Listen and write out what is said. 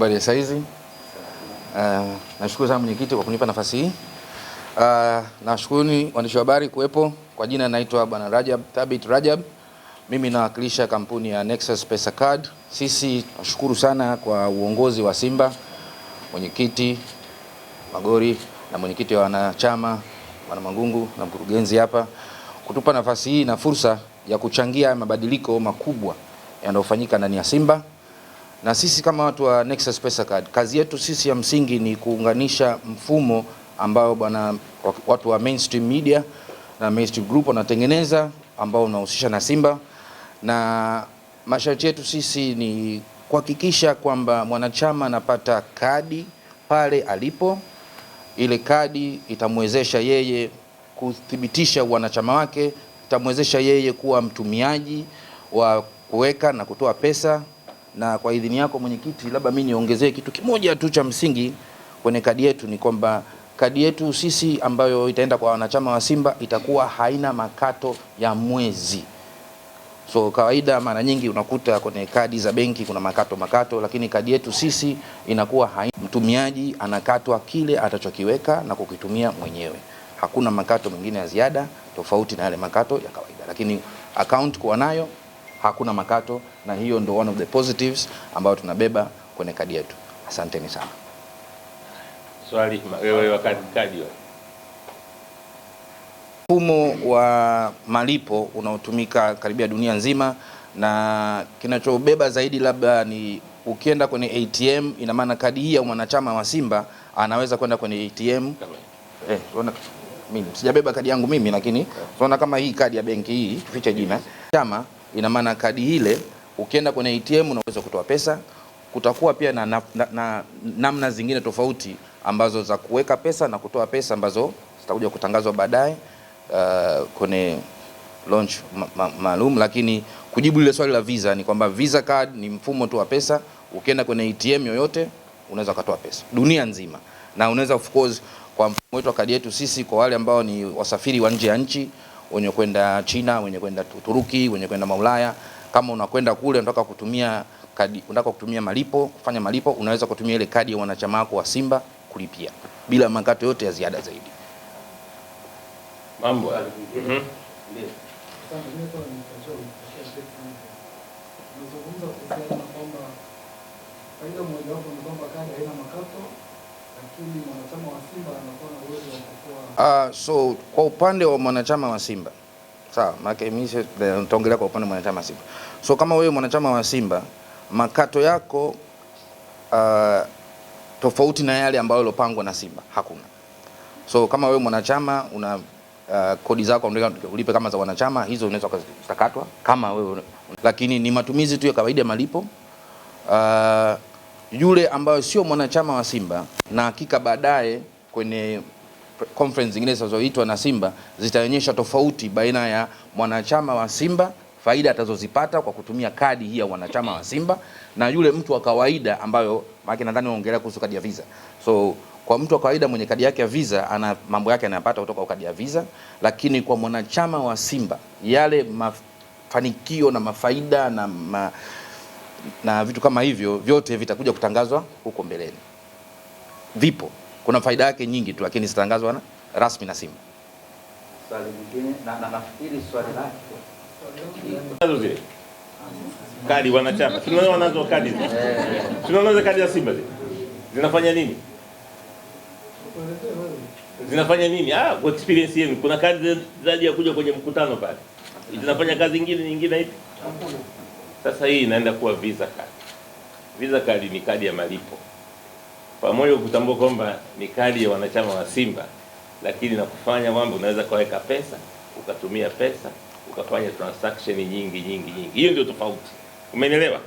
Habari ya saizi. Uh, nashukuru sana mwenyekiti kwa kunipa nafasi hii. Uh, eh, nashukuru waandishi wa habari kuwepo. Kwa jina naitwa Bwana Rajab Thabit Rajab, mimi nawakilisha kampuni ya Nexus Pesa Card. Sisi tunashukuru sana kwa uongozi wa Simba, mwenyekiti Magori na mwenyekiti wa wanachama Bwana Mangungu na mkurugenzi hapa kutupa nafasi hii na fursa ya kuchangia mabadiliko makubwa yanayofanyika ndani ya Simba. Na sisi kama watu wa Nexus Pesa Card, kazi yetu sisi ya msingi ni kuunganisha mfumo ambao bwana watu wa mainstream media na mainstream group wanatengeneza ambao unahusisha na Simba, na masharti yetu sisi ni kuhakikisha kwamba mwanachama anapata kadi pale alipo. Ile kadi itamwezesha yeye kuthibitisha wanachama wake, itamwezesha yeye kuwa mtumiaji wa kuweka na kutoa pesa na kwa idhini yako mwenyekiti, labda mimi niongezee kitu kimoja tu cha msingi kwenye kadi yetu, ni kwamba kadi yetu sisi ambayo itaenda kwa wanachama wa Simba itakuwa haina makato ya mwezi. So kawaida, mara nyingi unakuta kwenye kadi za benki kuna makato makato, lakini kadi yetu sisi inakuwa haina. Mtumiaji anakatwa kile atachokiweka na kukitumia mwenyewe, hakuna makato mengine ya ziada tofauti na yale makato ya kawaida, lakini account kuwa nayo hakuna makato, na hiyo ndo one of the positives ambayo tunabeba kwenye kadi yetu. Asanteni sana. Swali wewe wa kadi kadi mfumo wa malipo unaotumika karibia dunia nzima, na kinachobeba zaidi labda ni ukienda kwenye ATM, ina maana kadi hii ya mwanachama wa Simba anaweza kwenda kwenye ATM. Eh, unaona mimi sijabeba kadi yangu mimi, lakini unaona kama hii kadi ya benki hii, tufiche jina chama Ina maana kadi ile ukienda kwenye ATM unaweza kutoa pesa. Kutakuwa pia na namna na, na, na zingine tofauti ambazo za kuweka pesa na kutoa pesa ambazo zitakuja kutangazwa baadaye uh, kwenye launch ma, ma, maalum. Lakini kujibu lile swali la Visa ni kwamba Visa card ni mfumo tu wa pesa. Ukienda kwenye ATM yoyote unaweza ukatoa pesa dunia nzima, na unaweza of course kwa mfumo wetu wa kadi yetu sisi, kwa wale ambao ni wasafiri wa nje ya nchi wenye kwenda China, wenye kwenda Uturuki, wenye kwenda Maulaya. Kama unakwenda kule unataka kutumia kadi, unataka kutumia malipo, kufanya malipo, unaweza kutumia ile kadi ya wanachama wako wa Simba kulipia bila makato yote ya ziada zaidi. Mambo. Mm-hmm. Uh, so kwa upande wa mwanachama wa Simba sawa, maana mimi nitaongelea kwa upande wa mwanachama wa Simba. So kama wewe mwanachama wa Simba makato yako uh, tofauti na yale ambayo yalopangwa na Simba hakuna. So kama wewe mwanachama una uh, kodi zako ulipe kama za wanachama, hizo unaweza kukatwa kama wewe, lakini ni matumizi tu ya kawaida ya malipo uh, yule ambayo sio mwanachama wa Simba na hakika baadaye kwenye conference zingine zinazoitwa na Simba zitaonyesha tofauti baina ya mwanachama wa Simba faida atazozipata kwa kutumia kadi hii ya wanachama wa Simba na yule mtu wa kawaida, ambayo maana nadhani waongelea kuhusu kadi ya Visa. So kwa mtu wa kawaida mwenye kadi yake ya Visa ana mambo yake anayapata kutoka kwa kadi ya Visa, lakini kwa mwanachama wa Simba yale mafanikio na mafaida na, ma, na vitu kama hivyo vyote vitakuja kutangazwa huko mbeleni, vipo kuna faida yake nyingi tu, lakini zitatangazwa na rasmi na Simba. kadi wanachama tunaona wanazo kadi, tunaona kadi ya Simba zinafanya nini? Zinafanya nini? Ah, kwa experience yenu kuna kadi zaidi ya kuja kwenye mkutano pale, zinafanya kazi nyingine nyingine hivi. Sasa hii inaenda kuwa visa card. Visa card ni kadi ya malipo pamoja kutambua kwamba ni kadi ya wanachama wa Simba, lakini na kufanya mambo, unaweza ukaweka pesa ukatumia pesa ukafanya transaction nyingi nyingi nyingi. Hiyo ndio tofauti, umenielewa?